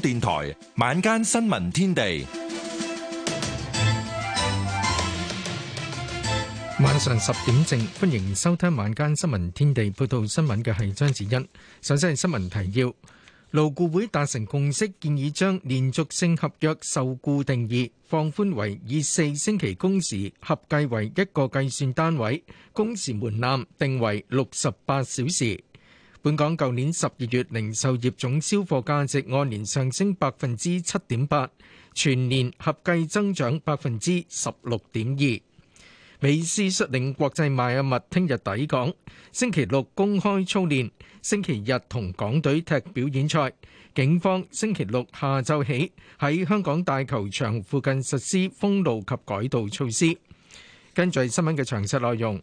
電台晚間新聞天地，晚上十點正，歡迎收聽晚間新聞天地。報道新聞嘅係張子欣。首先係新聞提要：勞僱會達成共識，建議將連續性合約受僱定義放寬為以四星期工時合計為一個計算單位，工時門檻定為六十八小時。本港舊年十二月零售業總銷貨價值按年上升百分之七點八，全年合計增長百分之十六點二。美斯率領國際邁阿密聽日抵港，星期六公開操練，星期日同港隊踢表演賽。警方星期六下晝起喺香港大球場附近實施封路及改道措施。跟住新聞嘅詳細內容。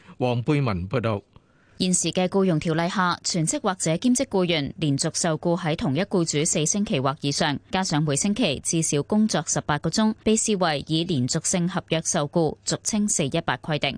黃貝文報道：現時嘅僱傭條例下，全職或者兼職僱員連續受僱喺同一僱主四星期或以上，加上每星期至少工作十八個鐘，被視為以連續性合約受僱，俗稱四一八規定。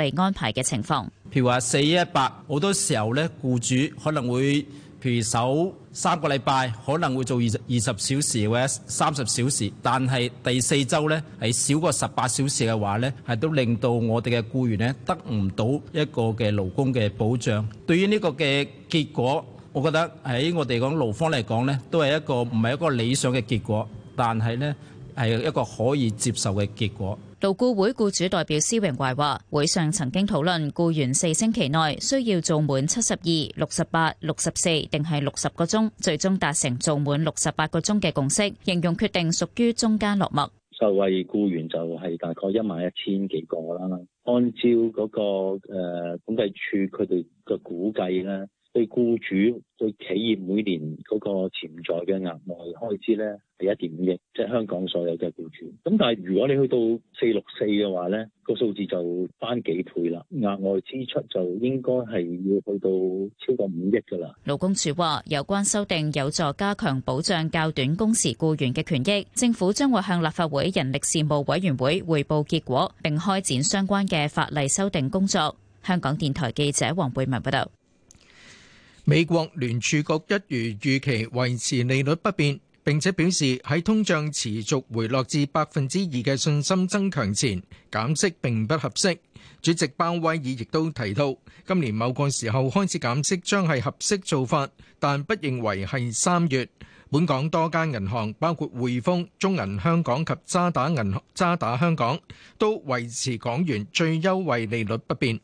嚟安排嘅情況，譬如話四一八好多時候呢，僱主可能會譬如首三個禮拜可能會做二二十小時或者三十小時，但係第四週呢，係少過十八小時嘅話呢，係都令到我哋嘅僱員呢得唔到一個嘅勞工嘅保障。對於呢個嘅結果，我覺得喺我哋講勞方嚟講呢，都係一個唔係一個理想嘅結果，但係呢，係一個可以接受嘅結果。勞僱會僱主代表施榮懷話：會上曾經討論僱員四星期內需要做滿七十二、六十八、六十四定係六十個鐘，最終達成做滿六十八個鐘嘅共識，形容決定屬於中間落墨。受惠僱員就係大概一萬一千幾個啦。按照嗰個誒統計處佢哋嘅估計咧。對僱主對企業每年嗰個潛在嘅額外開支呢，係一點五億，即係香港所有嘅僱主。咁但係如果你去到四六四嘅話，呢個數字就翻幾倍啦，額外支出就應該係要去到超過五億噶啦。勞工處話，有關修訂有助加強保障較短工時僱員嘅權益，政府將會向立法會人力事務委員會匯報結果，並開展相關嘅法例修訂工作。香港電台記者黃貝文報道。美國聯儲局一如預期維持利率不變，並且表示喺通脹持續回落至百分之二嘅信心增強前，減息並不合適。主席鮑威爾亦都提到，今年某個時候開始減息將係合適做法，但不認為係三月。本港多間銀行，包括匯豐、中銀香港及渣打銀行渣打香港，都維持港元最優惠利率不變。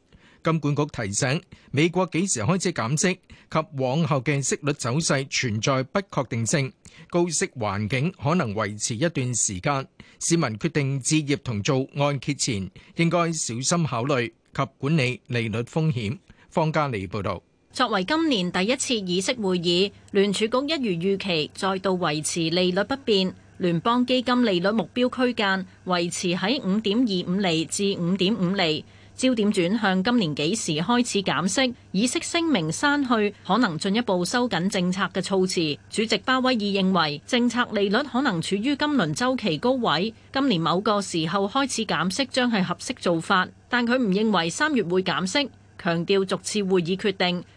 金管局提醒，美國幾時開始減息及往後嘅息率走勢存在不確定性，高息環境可能維持一段時間。市民決定置業同做按揭前，應該小心考慮及管理利率風險。方家利報道，作為今年第一次議息會議，聯儲局一如預期，再度維持利率不變，聯邦基金利率目標區間維持喺五點二五釐至五點五釐。焦點轉向今年幾時開始減息，議息聲明刪去可能進一步收緊政策嘅措辭。主席鮑威爾認為政策利率可能處於今輪周期高位，今年某個時候開始減息將係合適做法，但佢唔認為三月會減息，強調逐次會議決定。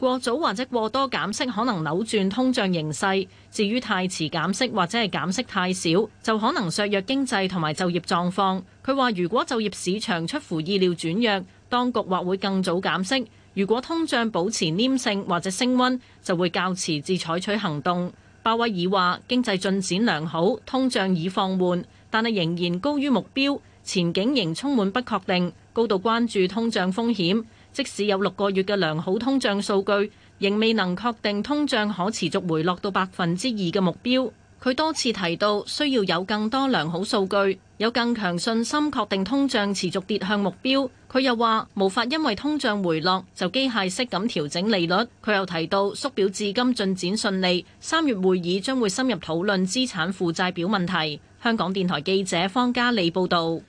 過早或者過多減息可能扭轉通脹形勢，至於太遲減息或者係減息太少，就可能削弱經濟同埋就業狀況。佢話：如果就業市場出乎意料轉弱，當局或會更早減息；如果通脹保持黏性或者升溫，就會較遲至採取行動。鮑威爾話：經濟進展良好，通脹已放緩，但係仍然高於目標，前景仍充滿不確定，高度關注通脹風險。即使有六個月嘅良好通脹數據，仍未能確定通脹可持續回落到百分之二嘅目標。佢多次提到需要有更多良好數據，有更強信心確定通脹持續跌向目標，佢又話無法因為通脹回落就機械式咁調整利率。佢又提到縮表至今進展順利，三月會議將會深入討論資產負債表問題，香港電台記者方嘉莉報道。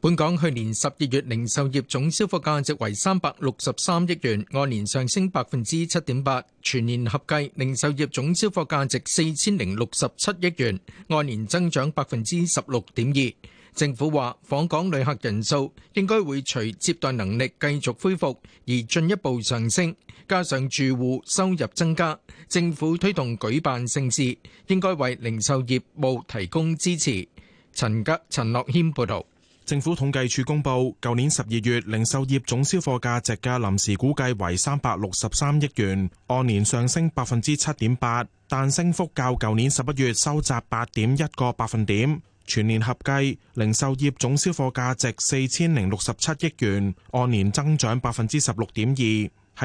本港去年十二月零售業總銷貨價值為三百六十三億元，按年上升百分之七點八。全年合計零售業總銷貨價值四千零六十七億元，按年增長百分之十六點二。政府話，訪港旅客人數應該會隨接待能力繼續恢復而進一步上升，加上住戶收入增加，政府推動舉辦盛事應該為零售業務提供支持。陳吉陳樂謙報道。政府統計處公布，舊年十二月零售業總銷貨價值嘅臨時估計為三百六十三億元，按年上升百分之七點八，但升幅較舊年十一月收窄八點一個百分點。全年合計，零售業總銷貨價值四千零六十七億元，按年增長百分之十六點二。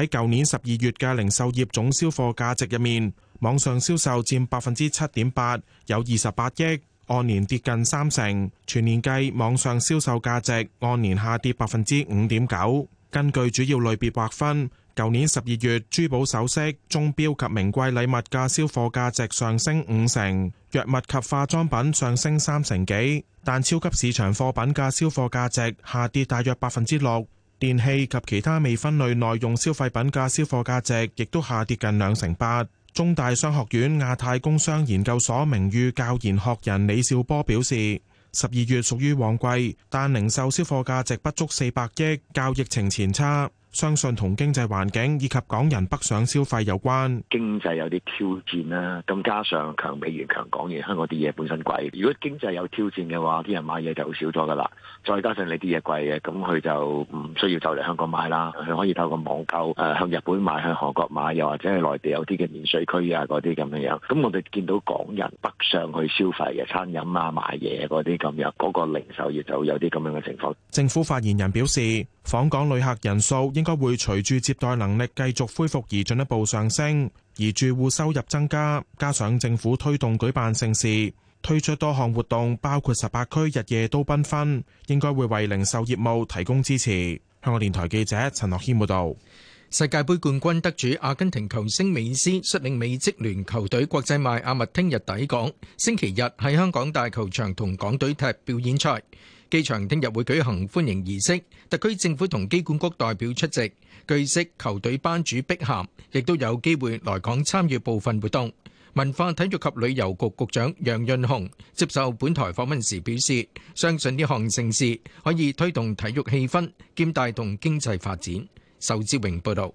喺舊年十二月嘅零售業總銷貨價值入面，網上銷售佔百分之七點八，有二十八億。按年跌近三成，全年計網上銷售價值按年下跌百分之五點九。根據主要類別劃分，舊年十二月珠寶首飾鐘錶及名貴禮物嘅銷貨價值上升五成，藥物及化妝品上升三成幾，但超級市場貨品嘅銷貨價值下跌大約百分之六，電器及其他未分類耐用消費品嘅銷貨價值亦都下跌近兩成八。中大商學院亞太工商研究所名譽教研學人李兆波表示：十二月屬於旺季，但零售銷貨價值不足四百億，較疫情前差。相信同經濟環境以及港人北上消費有關。經濟有啲挑戰啦，咁加上強美元、強港元，香港啲嘢本身貴。如果經濟有挑戰嘅話，啲人買嘢就好少咗㗎喇。再加上你啲嘢貴嘅，咁佢就唔需要就嚟香港買啦。佢可以透過網購，誒向日本買、向韓國買，又或者係內地有啲嘅免稅區啊嗰啲咁樣樣。咁我哋見到港人北上去消費嘅餐飲啊、買嘢嗰啲咁樣，嗰個零售業就有啲咁樣嘅情況。政府發言人表示，訪港旅客人數應應該會隨住接待能力繼續恢復而進一步上升，而住戶收入增加，加上政府推動舉辦盛事，推出多項活動，包括十八區日夜都繽紛，紛，應該會為零售業務提供支持。香港電台記者陳樂謙報道。世界杯冠軍得主阿根廷球星美斯率領美職聯球隊國際邁阿密聽日抵港，星期日喺香港大球場同港隊踢表演賽。機場聽日會舉行歡迎儀式，特區政府同機管局代表出席。據悉，球隊班主碧咸亦都有機會來港參與部分活動。文化體育及旅遊局局長楊潤雄接受本台訪問時表示，相信呢項盛事可以推動體育氣氛兼帶動經濟發展。仇志榮報導。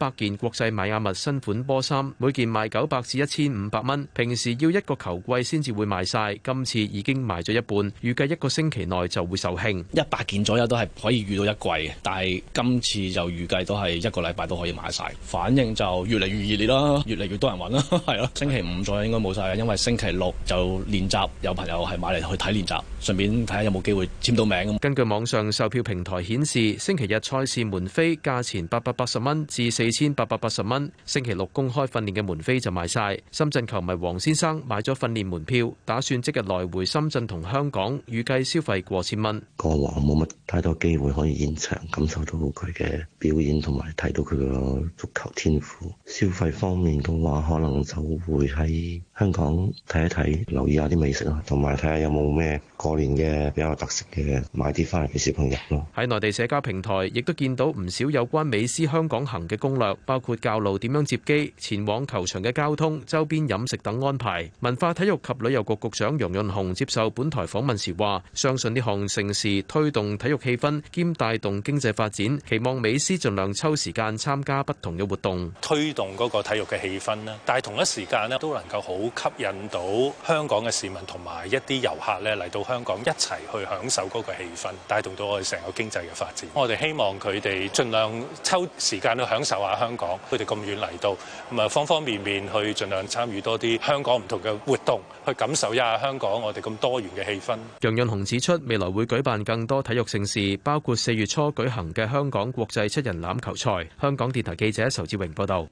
百件國際邁阿密新款波衫，每件賣九百至一千五百蚊。平時要一個球季先至會賣晒，今次已經賣咗一半，預計一個星期內就會售罄，一百件左右都係可以預到一季，但係今次就預計都係一個禮拜都可以買晒。反應就越嚟越熱烈啦，越嚟越多人搵啦，係咯。星期五左右應該冇晒嘅，因為星期六就練習，有朋友係買嚟去睇練習，順便睇下有冇機會簽到名咁。根據網上售票平台顯示，星期日賽事門飛價錢八百八十蚊至四二千八百八十蚊，星期六公開訓練嘅門飛就賣晒。深圳球迷黃先生買咗訓練門票，打算即日來回深圳同香港，預計消費過千蚊。過往冇乜太多機會可以現場感受到佢嘅表演，同埋睇到佢嘅足球天賦。消費方面嘅話可能就會喺香港睇一睇，留意下啲美食啊，同埋睇下有冇咩過年嘅比較特色嘅買啲翻嚟俾小朋友咯。喺內地社交平台亦都見到唔少有關美斯香港行嘅攻略，包括教路點樣接機前往球場嘅交通、周邊飲食等安排。文化體育及旅遊局局長楊潤雄接受本台訪問時話，相信呢項盛事推動體育氣氛，兼帶動經濟發展。期望美斯盡量抽時間參加不同嘅活動，推動嗰個體育嘅氣氛啦。但係同一時間咧，都能夠好。吸引到香港嘅市民同埋一啲遊客咧嚟到香港一齊去享受嗰個氣氛，帶動到我哋成個經濟嘅發展。我哋希望佢哋盡量抽時間去享受下香港，佢哋咁遠嚟到，咁啊方方面面去盡量參與多啲香港唔同嘅活動，去感受一下香港我哋咁多元嘅氣氛。楊潤雄指出，未來會舉辦更多體育盛事，包括四月初舉行嘅香港國際七人欖球賽。香港電台記者仇志榮報導。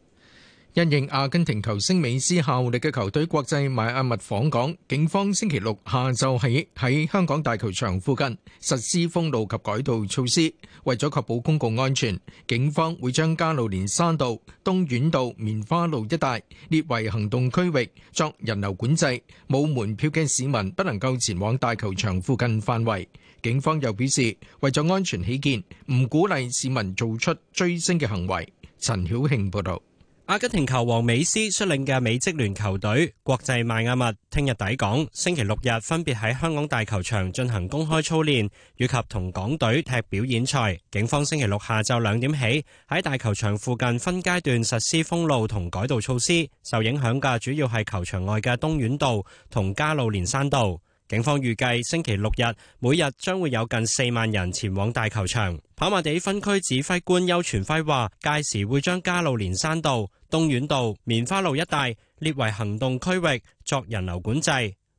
因應阿根廷球星美斯效力嘅球隊國際邁阿密訪港，警方星期六下晝起喺香港大球場附近實施封路及改道措施，為咗確保公共安全，警方會將加路連山道、東院道、棉花路一帶列為行動區域，作人流管制。冇門票嘅市民不能夠前往大球場附近範圍。警方又表示，為咗安全起見，唔鼓勵市民做出追星嘅行為。陳曉慶報道。阿根廷球王美斯率領嘅美職聯球隊國際邁阿密聽日抵港，星期六日分別喺香港大球場進行公開操練，以及同港隊踢表演賽。警方星期六下晝兩點起喺大球場附近分階段實施封路同改道措施，受影響嘅主要係球場外嘅東苑道同加路連山道。警方預計星期六日每日將會有近四萬人前往大球場。跑馬地分區指揮官邱全輝話：屆時會將加路連山道、東院道、棉花路一帶列為行動區域，作人流管制。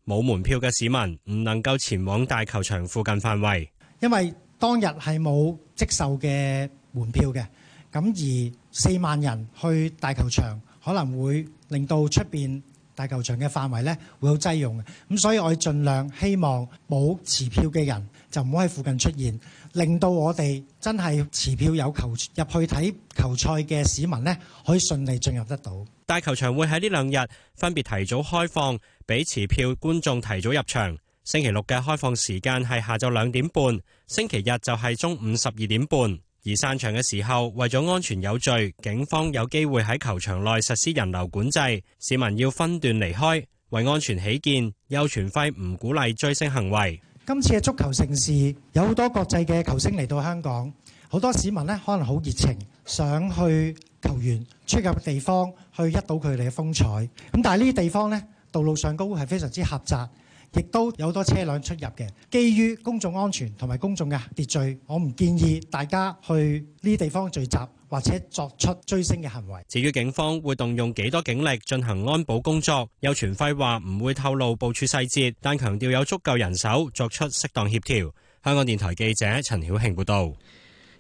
冇門票嘅市民唔能夠前往大球場附近範圍，因為當日係冇即售嘅門票嘅。咁而四萬人去大球場，可能會令到出面大球場嘅範圍呢，會有擠擁嘅，咁所以我哋盡量希望冇持票嘅人就唔好喺附近出現，令到我哋真係持票有球入去睇球賽嘅市民呢，可以順利進入得到。大球場會喺呢兩日分別提早開放，俾持票觀眾提早入場。星期六嘅開放時間係下晝兩點半，星期日就係中午十二點半。而散場嘅時候，為咗安全有序，警方有機會喺球場內實施人流管制，市民要分段離開。為安全起見，邱傳輝唔鼓勵追星行為。今次嘅足球盛事有好多國際嘅球星嚟到香港，好多市民呢可能好熱情，想去球員出入嘅地方去一睹佢哋嘅風采。咁但係呢啲地方呢，道路上高係非常之狹窄。亦都有多車輛出入嘅，基於公眾安全同埋公眾嘅秩序，我唔建議大家去呢地方聚集或者作出追星嘅行為。至於警方會動用幾多警力進行安保工作，有傳輝話唔會透露部署細節，但強調有足夠人手作出適當協調。香港電台記者陳曉慶報導。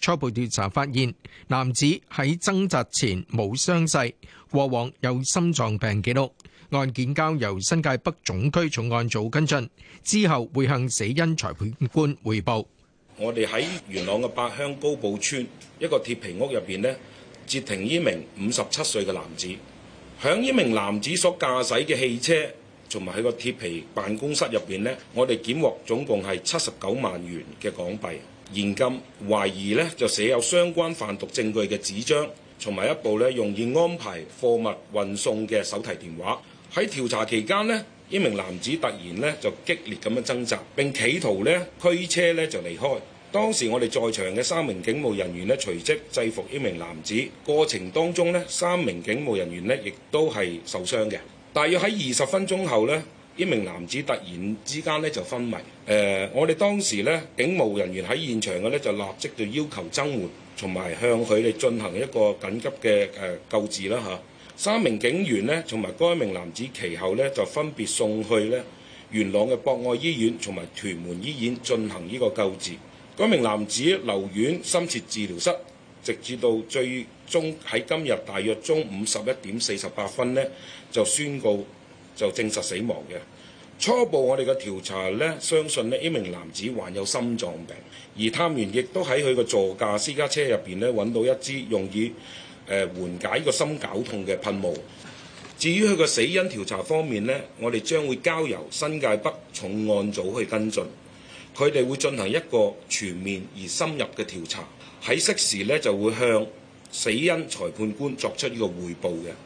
初步調查發現，男子喺掙扎前冇傷勢，過往，往有心臟病記錄。案件交由新界北總區重案組跟進，之後會向死因裁判官彙報。我哋喺元朗嘅八鄉高埔村一個鐵皮屋入邊呢，截停呢名五十七歲嘅男子，響呢名男子所駕駛嘅汽車同埋喺個鐵皮辦公室入邊呢，我哋檢獲總共係七十九萬元嘅港幣。現金，懷疑咧就寫有相關販毒證據嘅紙張，同埋一部咧用以安排貨物運送嘅手提電話。喺調查期間呢，呢名男子突然咧就激烈咁樣掙扎，並企圖咧驅車咧就離開。當時我哋在場嘅三名警務人員咧隨即制服呢名男子，過程當中咧三名警務人員咧亦都係受傷嘅。大約喺二十分鐘後咧。一名男子突然之間呢就昏迷，誒、呃，我哋當時呢，警務人員喺現場嘅呢就立即就要求增援，同埋向佢哋進行一個緊急嘅誒、呃、救治啦嚇。三名警員呢，同埋該名男子其後呢就分別送去呢元朗嘅博愛醫院同埋屯門醫院進行呢個救治。該名男子留院深切治療室，直至到最終喺今日大約中午十一點四十八分呢就宣告。就證實死亡嘅。初步，我哋嘅調查咧，相信咧呢一名男子患有心臟病，而探員亦都喺佢個座駕私家車入邊咧揾到一支用以誒緩解個心絞痛嘅噴霧。至於佢個死因調查方面呢，我哋將會交由新界北重案組去跟進，佢哋會進行一個全面而深入嘅調查，喺適時咧就會向死因裁判官作出呢個匯報嘅。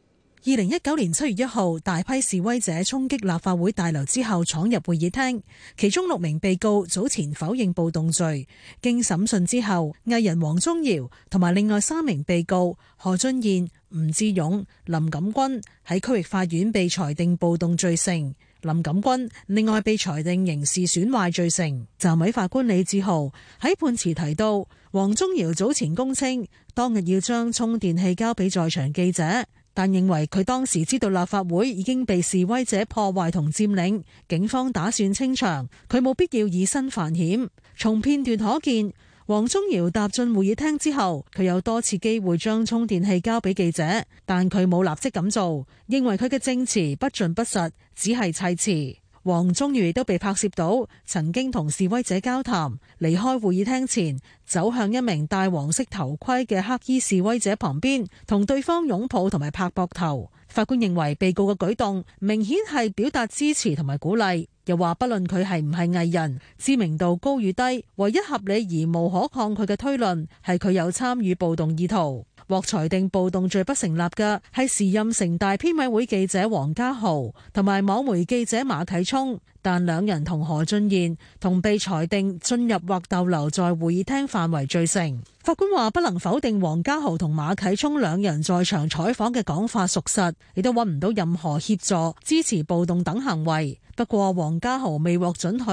二零一九年七月一號，大批示威者衝擊立法會大樓之後，闖入會議廳。其中六名被告早前否認暴動罪，經審訊之後，藝人王宗堯同埋另外三名被告何俊彥、吳志勇、林錦君喺區域法院被裁定暴動罪成。林錦君另外被裁定刑事損壞罪成。暫委法官李志豪喺判詞提到，王宗堯早前供稱當日要將充電器交俾在場記者。但認為佢當時知道立法會已經被示威者破壞同佔領，警方打算清場，佢冇必要以身犯險。從片段可見，黃宗堯踏進會議廳之後，佢有多次機會將充電器交俾記者，但佢冇立即咁做，認為佢嘅證詞不盡不實，只係砌詞。王宗堯都被拍攝到曾經同示威者交談，離開會議廳前走向一名戴黃色頭盔嘅黑衣示威者旁邊，同對方擁抱同埋拍膊頭。法官認為被告嘅舉動明顯係表達支持同埋鼓勵，又話不論佢係唔係藝人，知名度高與低，唯一合理而無可抗拒嘅推論係佢有參與暴動意圖。獲裁定暴動罪不成立嘅，係時任城大編委會記者黃家豪同埋網媒記者馬啟聰，但兩人同何俊賢同被裁定進入或逗留在會議廳範圍罪成。法官話不能否定黃家豪同馬啟聰兩人在場採訪嘅講法屬實，亦都揾唔到任何協助支持暴動等行為。不過黃家豪未獲准許，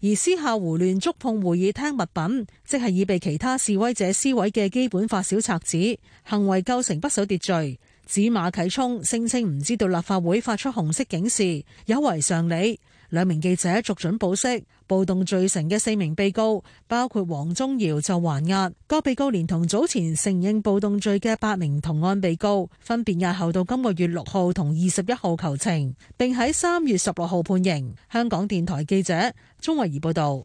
而私下胡亂觸碰會議廳物品，即係已被其他示威者撕毀嘅基本法小冊子，行為構成不守秩序。指馬啟聰聲稱唔知道立法會發出紅色警示，有違常理。兩名記者獲准保釋，暴動罪成嘅四名被告，包括黃宗堯就還押。各被告連同早前承認暴動罪嘅八名同案被告，分別押後到今個月六號同二十一號求情，並喺三月十六號判刑。香港電台記者鍾慧儀報道。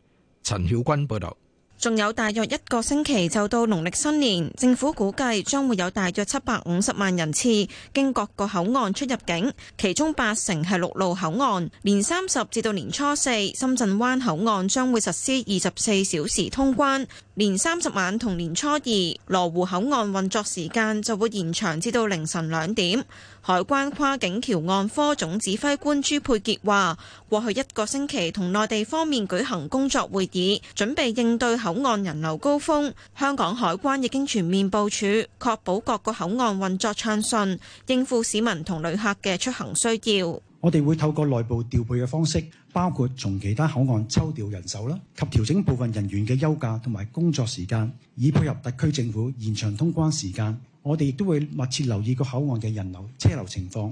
陳曉君報道，仲有大約一個星期就到農曆新年，政府估計將會有大約七百五十萬人次經各個口岸出入境，其中八成係陸路口岸。年三十至到年初四，深圳灣口岸將會實施二十四小時通關。年三十晚同年初二，羅湖口岸運作時間就會延長至到凌晨兩點。海關跨境橋口岸科總指揮官朱佩杰話：過去一個星期同內地方面舉行工作會議，準備應對口岸人流高峰。香港海關已經全面部署，確保各個口岸運作暢順，應付市民同旅客嘅出行需要。我哋會透過內部調配嘅方式，包括從其他口岸抽調人手啦，及調整部分人員嘅休假同埋工作時間，以配合特區政府延長通關時間。我哋亦都會密切留意個口岸嘅人流、車流情況。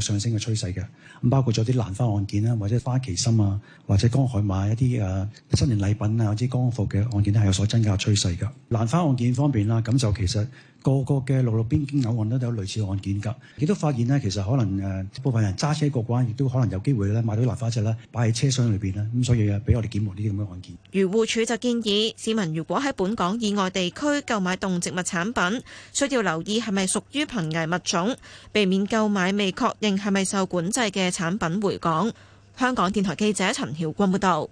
上升嘅趨勢嘅咁，包括咗啲蘭花案件啦，或者花旗參啊，或者江海馬一啲誒新年禮品啊，或者江服嘅案件都係有所增加趨勢嘅蘭花案件方面啦，咁就其實。個個嘅路路邊境有案都有類似案件㗎，亦都發現呢，其實可能誒部分人揸車過關，亦都可能有機會咧買到垃圾車啦，擺喺車廂裏邊啦，咁所以俾我哋檢獲呢啲咁嘅案件。漁護署就建議市民如果喺本港以外地區購買動植物產品，需要留意係咪屬於瀕危物種，避免購買未確認係咪受管制嘅產品回港。香港電台記者陳曉君報道。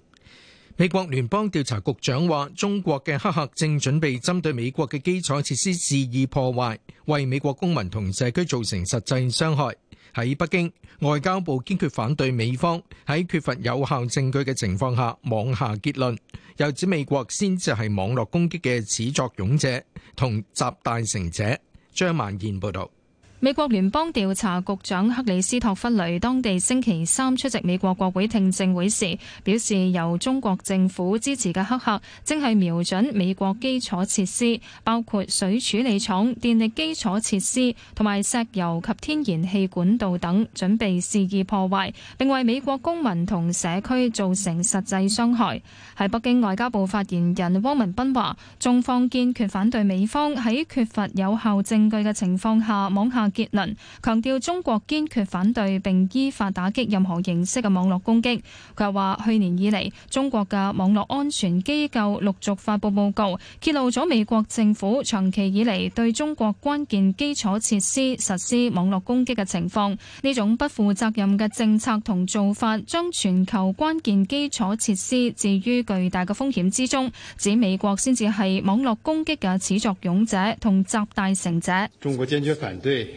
美國聯邦調查局長話：中國嘅黑客正準備針對美國嘅基礎設施肆意破壞，為美國公民同社區造成實際傷害。喺北京，外交部堅決反對美方喺缺乏有效證據嘅情況下妄下結論，又指美國先至係網絡攻擊嘅始作俑者同集大成者。張曼燕報道。美國聯邦調查局長克里斯托弗雷當地星期三出席美國國會聽證會時表示，由中國政府支持嘅黑客正係瞄準美國基礎設施，包括水處理廠、電力基礎設施同埋石油及天然氣管道等，準備肆意破壞，並為美國公民同社區造成實際傷害。喺北京，外交部發言人汪文斌話，中方堅決反對美方喺缺乏有效證據嘅情況下妄下結論，強調中國堅決反對並依法打擊任何形式嘅網絡攻擊。佢又話：去年以嚟，中國嘅網絡安全機構陸續發佈報告，揭露咗美國政府長期以嚟對中國關鍵基礎設施實施網絡攻擊嘅情況。呢種不負責任嘅政策同做法，將全球關鍵基礎設施置於巨大嘅風險之中。指美國先至係網絡攻擊嘅始作俑者同集大成者。中國堅決反對。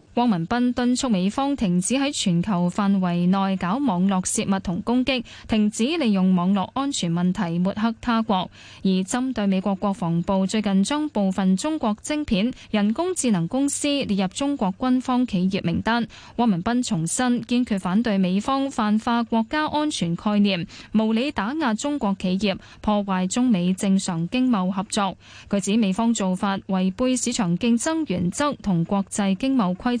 汪文斌敦促美方停止喺全球範圍內搞網絡泄密同攻擊，停止利用網絡安全問題抹黑他國。而針對美國國防部最近將部分中國晶片、人工智能公司列入中國軍方企業名單，汪文斌重申堅決反對美方泛化國家安全概念、無理打壓中國企業，破壞中美正常經貿合作。佢指美方做法違背市場競爭原則同國際經貿規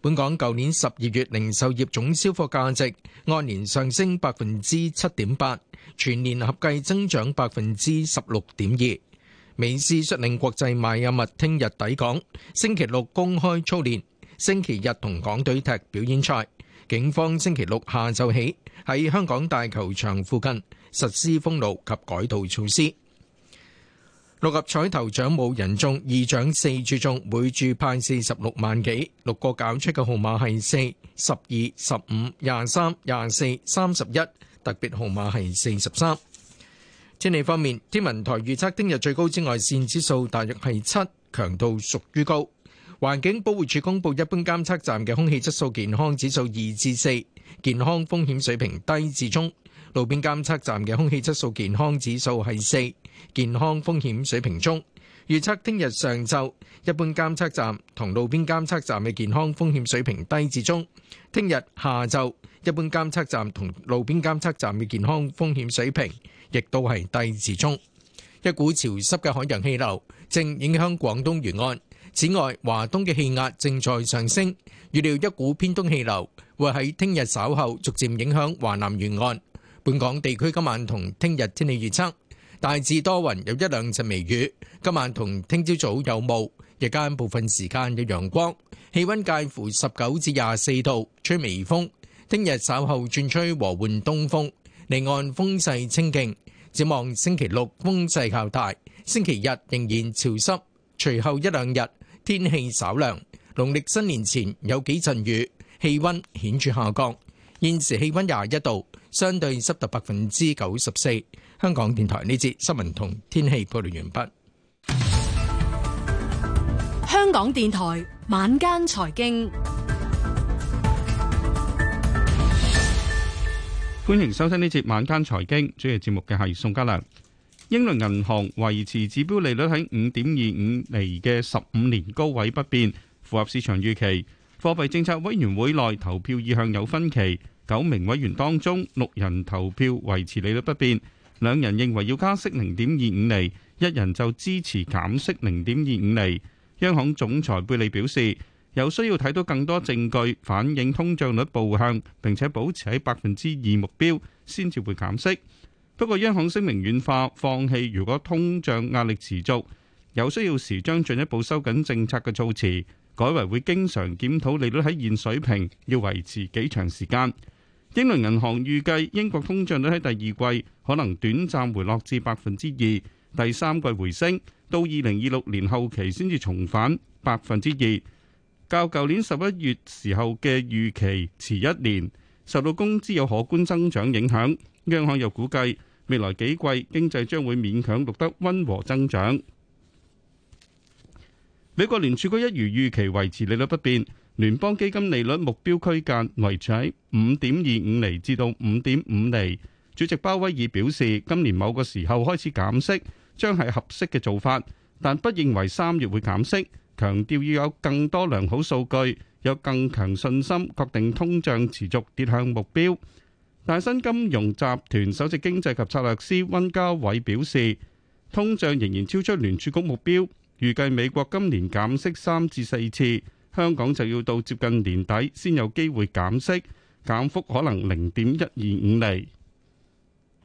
本港舊年十二月零售業總銷貨價值按年上升百分之七點八，全年合計增長百分之十六點二。美斯率領國際邁阿密聽日抵港，星期六公開操練，星期日同港隊踢表演賽。警方星期六下晝起喺香港大球場附近實施封路及改道措施。六合彩頭獎冇人中，二獎四注中，每注派四十六萬幾。六個攪出嘅號碼係四、十二、十五、廿三、廿四、三十一，特別號碼係四十三。天氣方面，天文台預測聽日最高紫外線指數大約係七，強度屬於高。環境保護署公布一般監測站嘅空氣質素健康指數二至四，健康風險水平低至中。路邊監測站嘅空氣質素健康指數係四，健康風險水平中。預測聽日上晝，一般監測站同路邊監測站嘅健康風險水平低至中。聽日下晝，一般監測站同路邊監測站嘅健康風險水平亦都係低至中。一股潮濕嘅海洋氣流正影響廣東沿岸。此外，華東嘅氣壓正在上升，預料一股偏東氣流會喺聽日稍後逐漸影響華南沿岸。本港地區今晚同聽日天氣預測，大致多雲，有一兩陣微雨。今晚同聽朝早有霧，日間部分時間有陽光，氣温介乎十九至廿四度，吹微風。聽日稍後轉吹和緩東風，離岸風勢清勁。展望星期六風勢較大，星期日仍然潮濕，隨後一兩日天氣稍涼。農曆新年前有幾陣雨，氣温顯著下降。現時氣温廿一度。相對濕度百分之九十四。香港電台呢節新聞同天氣報道，完畢。香港電台晚間財經，歡迎收聽呢節晚間財經。主持節目嘅係宋家良。英倫銀行維持指標利率喺五點二五厘嘅十五年高位不變，符合市場預期。貨幣政策委員會內投票意向有分歧。九名委員當中，六人投票維持利率不變，兩人認為要加息零點二五厘，一人就支持減息零點二五厘。央行總裁貝利表示，有需要睇到更多證據反映通脹率步向並且保持喺百分之二目標，先至會減息。不過，央行聲明軟化，放棄如果通脹壓力持續，有需要時將進一步收緊政策嘅措辭，改為會經常檢討利率喺現水平要維持幾長時間。英倫銀行預計英國通脹率喺第二季可能短暫回落至百分之二，第三季回升，到二零二六年後期先至重返百分之二，較舊年十一月時候嘅預期遲一年。受到工資有可觀增長影響，央行又估計未來幾季經濟將會勉強錄得溫和增長。美國聯儲局一如預期維持利率不變。聯邦基金利率目標區間維持喺五點二五釐至到五點五釐。主席鮑威爾表示，今年某個時候開始減息將係合適嘅做法，但不認為三月會減息，強調要有更多良好數據，有更強信心，確定通脹持續跌向目標。大新金融集團首席經濟及策略師温嘉偉表示，通脹仍然超出聯儲局目標，預計美國今年減息三至四次。香港就要到接近年底先有機會減息，減幅可能零點一二五釐。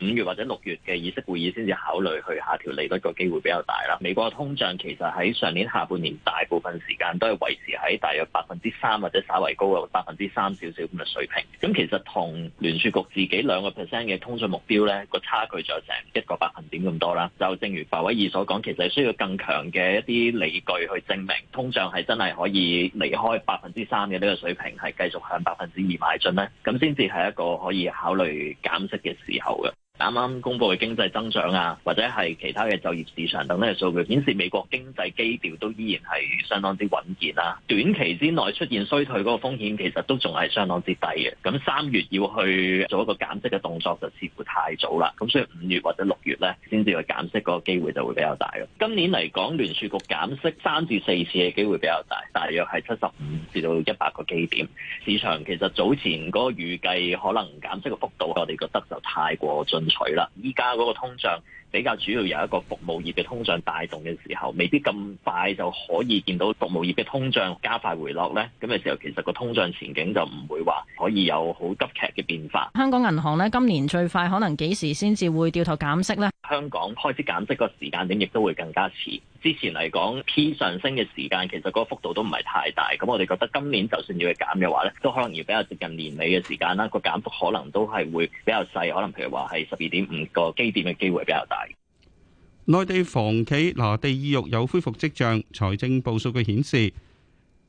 五月或者六月嘅議息會議先至考慮去下調利率個機會比較大啦。美國嘅通脹其實喺上年下半年大部分時間都係維持喺大約百分之三或者稍為高嘅百分之三少少咁嘅水平。咁其實同聯儲局自己兩個 percent 嘅通脹目標咧，個差距就成一個百分點咁多啦。就正如鮑威爾所講，其實需要更強嘅一啲理據去證明通脹係真係可以離開百分之三嘅呢個水平，係繼續向百分之二邁進咧，咁先至係一個可以考慮減息嘅時候嘅。啱啱公布嘅經濟增長啊，或者係其他嘅就業市場等等嘅數據，顯示美國經濟基調都依然係相當之穩健啦、啊。短期之內出現衰退嗰個風險，其實都仲係相當之低嘅。咁三月要去做一個減息嘅動作，就似乎太早啦。咁所以五月或者六月咧，先至去減息嗰個機會就會比較大。今年嚟講，聯儲局減息三至四次嘅機會比較大，大約係七十五至到一百個基點。市場其實早前嗰個預計可能減息嘅幅度，我哋覺得就太過盡。唔除啦，依家嗰個通脹。比較主要有一個服務業嘅通脹帶動嘅時候，未必咁快就可以見到服務業嘅通脹加快回落呢咁嘅、那個、時候，其實個通脹前景就唔會話可以有好急劇嘅變化。香港銀行呢，今年最快可能幾時先至會掉頭減息呢？香港開始減息個時間點亦都會更加遲。之前嚟講，P 上升嘅時間其實個幅度都唔係太大。咁我哋覺得今年就算要去減嘅話呢都可能要比較接近年尾嘅時間啦。個減幅可能都係會比較細，可能譬如話係十二點五個基點嘅機會比較大。內地房企拿地意欲有恢復跡象。財政部數據顯示，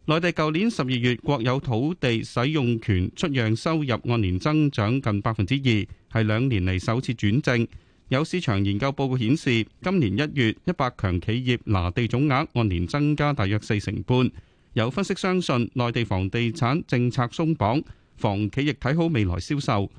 內地舊年十二月國有土地使用權出讓收入按年增長近百分之二，係兩年嚟首次轉正。有市場研究報告顯示，今年一月一百強企業拿地總額按年增加大約四成半。有分析相信，內地房地產政策鬆綁，房企亦睇好未來銷售。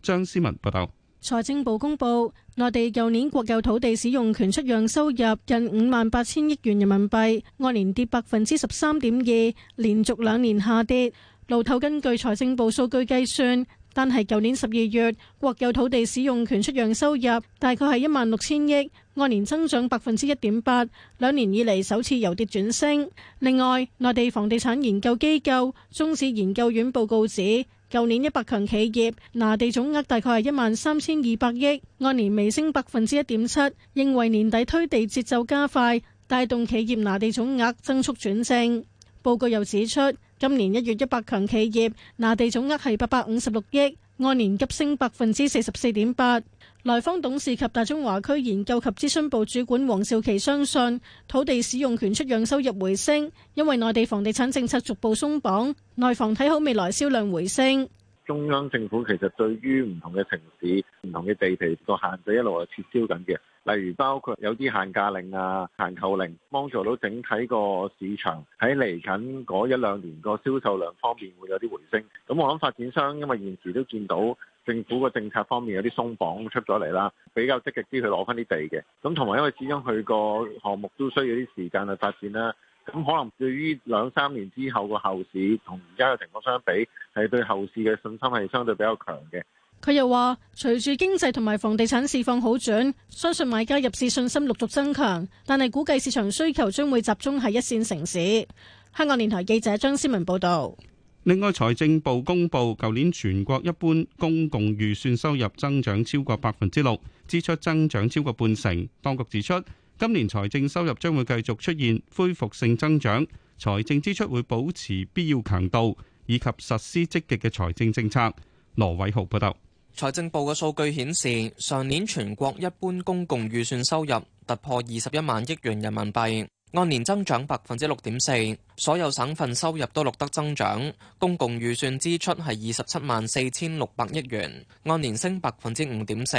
張思文報道。財政部公布，內地舊年國有土地使用權出讓收入近五萬八千億元人民幣，按年跌百分之十三點二，連續兩年下跌。路透根據財政部數據計算，單係舊年十二月國有土地使用權出讓收入大概係一萬六千億，按年增長百分之一點八，兩年以嚟首次由跌轉升。另外，內地房地產研究機構中指研究院報告指。舊年一百強企業拿地總額大概係一萬三千二百億，按年微升百分之一點七，認為年底推地節奏加快，帶動企業拿地總額增速轉正。報告又指出，今年一月一百強企業拿地總額係八百五十六億，按年急升百分之四十四點八。來方董事及大中華區研究及諮詢部主管黃少琪相信土地使用權出讓收入回升，因為內地房地產政策逐步鬆綁，內房睇好未來銷量回升。中央政府其實對於唔同嘅城市、唔同嘅地皮個限制一路係撤銷緊嘅，例如包括有啲限價令啊、限購令，幫助到整體個市場喺嚟緊嗰一兩年個銷售量方面會有啲回升。咁我諗發展商因為現時都見到。政府嘅政策方面有啲鬆綁出咗嚟啦，比較積極啲去攞翻啲地嘅。咁同埋因為始終佢個項目都需要啲時間去發展啦，咁可能對於兩三年之後個後市同而家嘅情況相比，係對後市嘅信心係相對比較強嘅。佢又話隨住經濟同埋房地產市況好轉，相信買家入市信心陸續增強，但係估計市場需求將會集中喺一綫城市。香港電台記者張思文報道。另外，財政部公布，舊年全國一般公共預算收入增長超過百分之六，支出增長超過半成。當局指出，今年財政收入將會繼續出現恢復性增長，財政支出會保持必要強度，以及實施積極嘅財政政策。羅偉豪報道，財政部嘅數據顯示，上年全國一般公共預算收入突破二十一萬億元人民幣。按年增長百分之六點四，所有省份收入都錄得增長。公共預算支出係二十七萬四千六百億元，按年升百分之五點四。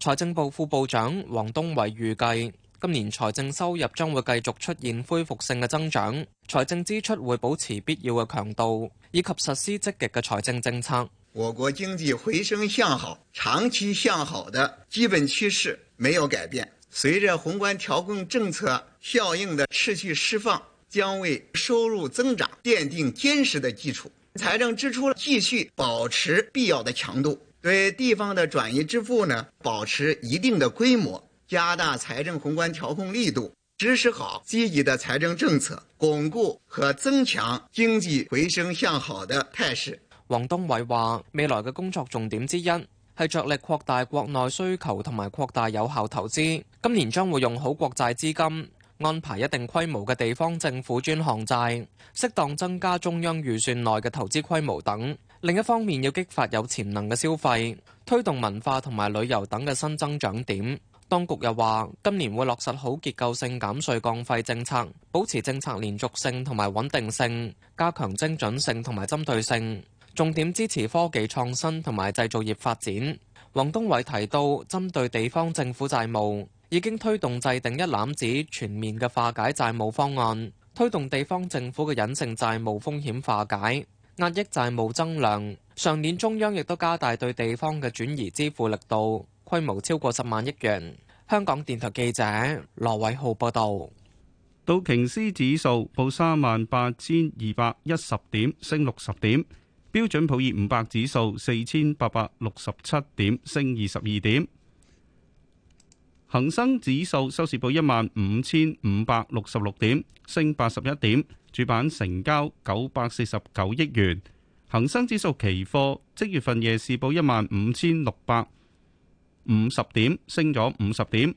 財政部副部長王東偉預計，今年財政收入將會繼續出現恢復性嘅增長，財政支出會保持必要嘅強度，以及實施積極嘅財政政策。我國經濟回升向好，長期向好的基本趨勢沒有改變。隨着宏觀調控政策效應的持續釋放，將為收入增長奠定堅實的基礎。財政支出繼續保持必要的強度，對地方的轉移支付呢，保持一定的規模，加大財政宏觀調控力度，實施好積極的財政政策，鞏固和增強經濟回升向好的態勢。王東偉話：未來的工作重點之一係着力擴大國內需求同埋擴大有效投資。今年將會用好國債資金，安排一定規模嘅地方政府專項債，適當增加中央預算內嘅投資規模等。另一方面，要激發有潛能嘅消費，推動文化同埋旅遊等嘅新增長點。當局又話，今年會落實好結構性減稅降費政策，保持政策連續性同埋穩定性，加強精準性同埋針對性，重點支持科技創新同埋製造業發展。王東偉提到，針對地方政府債務。已經推動制定一攬子全面嘅化解債務方案，推動地方政府嘅隱性債務風險化解，壓抑債務增量。上年中央亦都加大對地方嘅轉移支付力度，規模超過十萬億元。香港電台記者羅偉浩報道。道瓊斯指數報三萬八千二百一十點，升六十點。標準普爾五百指數四千八百六十七點，升二十二點。恒生指數收市報一萬五千五百六十六點，升八十一點。主板成交九百四十九億元。恒生指數期貨即月份夜市報一萬五千六百五十點，升咗五十點。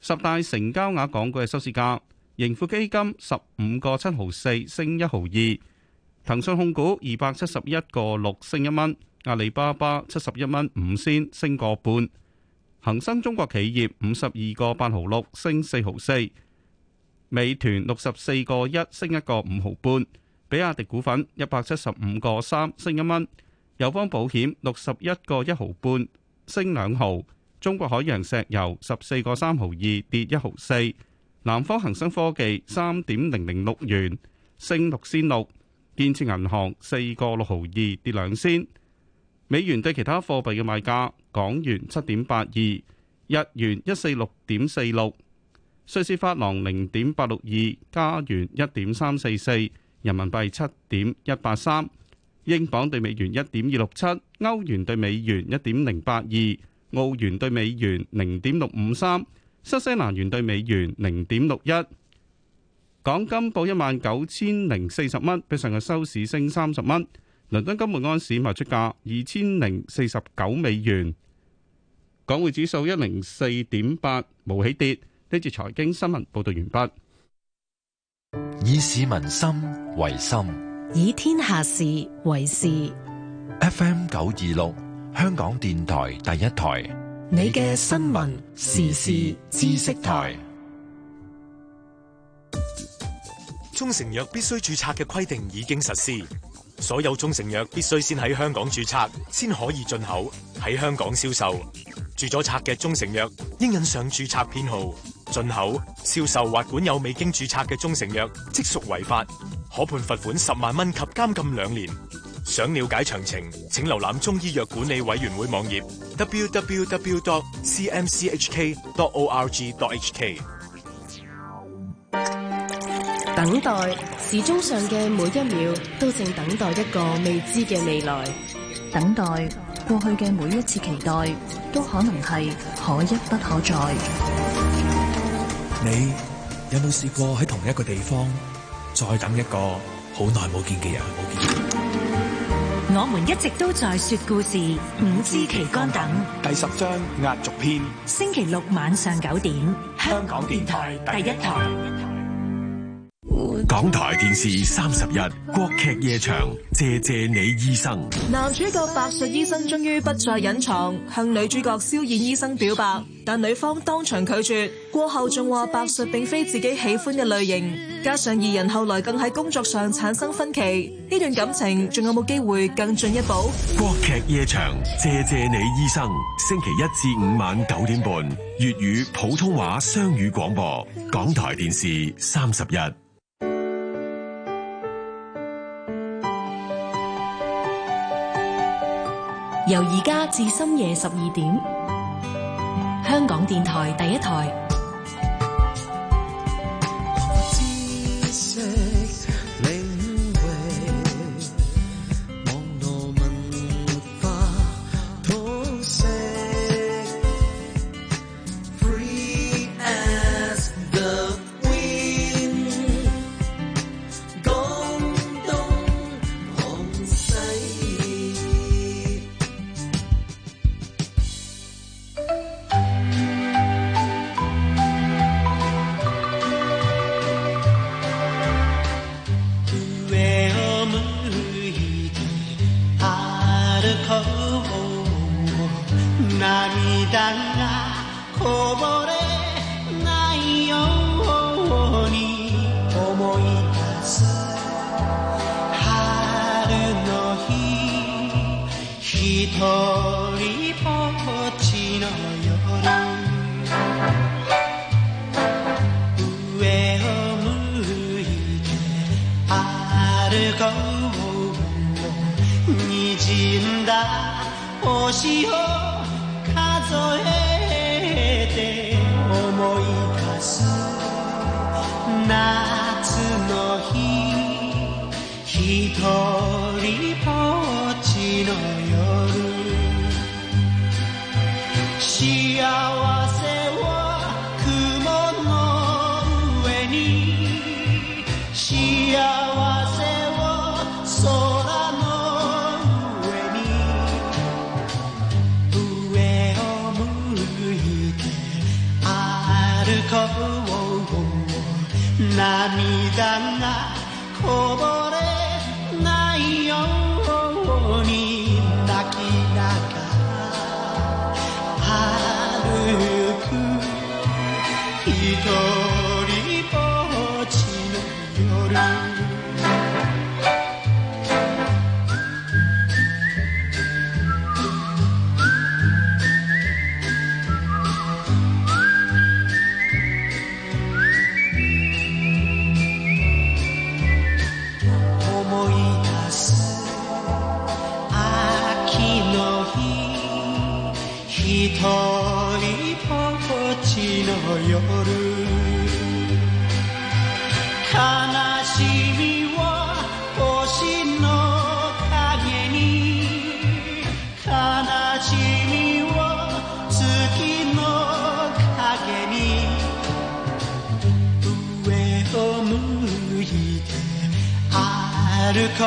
十大成交額港股嘅收市價：盈富基金十五個七毫四，升一毫二；騰訊控股二百七十一個六，升一蚊；阿里巴巴七十一蚊五仙，升個半。恒生中國企業五十二個八毫六升四毫四，美團六十四個一升一個五毫半，比亞迪股份一百七十五個三升一蚊，友邦保險六十一個一毫半升兩毫，中國海洋石油十四個三毫二跌一毫四，南方恒生科技三點零零六元升六仙六，建設銀行四個六毫二跌兩仙。.美元對其他貨幣嘅賣價：港元七點八二，日元一四六點四六，瑞士法郎零點八六二，加元一點三四四，人民幣七點一八三，英鎊對美元一點二六七，歐元對美元一點零八二，澳元對美元零點六五三，新西蘭元對美元零點六一。港金報一萬九千零四十蚊，比上個收市升三十蚊。倫敦金每安士賣出價二千零四十九美元，港匯指數一零四點八，無起跌。呢節財經新聞報道完畢。以市民心為心，以天下事為事。F M 九二六，香港電台第一台，你嘅新聞時事知識台。中成藥必須註冊嘅規定已經實施。所有中成藥必須先喺香港注冊，先可以進口喺香港銷售。注咗冊嘅中成藥應印上注冊編號。進口、銷售或管有未經注冊嘅中成藥，即屬違法，可判罰款十萬蚊及監禁兩年。想了解詳情，請瀏覽中醫藥管理委員會網頁：www.cmchk.org.hk。等待時鐘上嘅每一秒，都正等待一個未知嘅未來。等待過去嘅每一次期待，都可能係可一不可再。你有冇試過喺同一個地方再等一個好耐冇見嘅人？我們一直都在說故事，五支旗杆等第十章壓軸篇。星期六晚上九點，香港電台第一台。港台電視三十一，國劇夜場，謝謝你醫生。男主角白術醫生終於不再隱藏，向女主角蕭燕醫生表白，但女方當場拒絕，過後仲話白術並非自己喜歡嘅類型，加上二人後來更喺工作上產生分歧，呢段感情仲有冇機會更進一步？國劇夜場，謝謝你醫生。星期一至五晚九點半，粵語普通話雙語廣播，港台電視三十一。由而家至深夜十二點，香港電台第一台。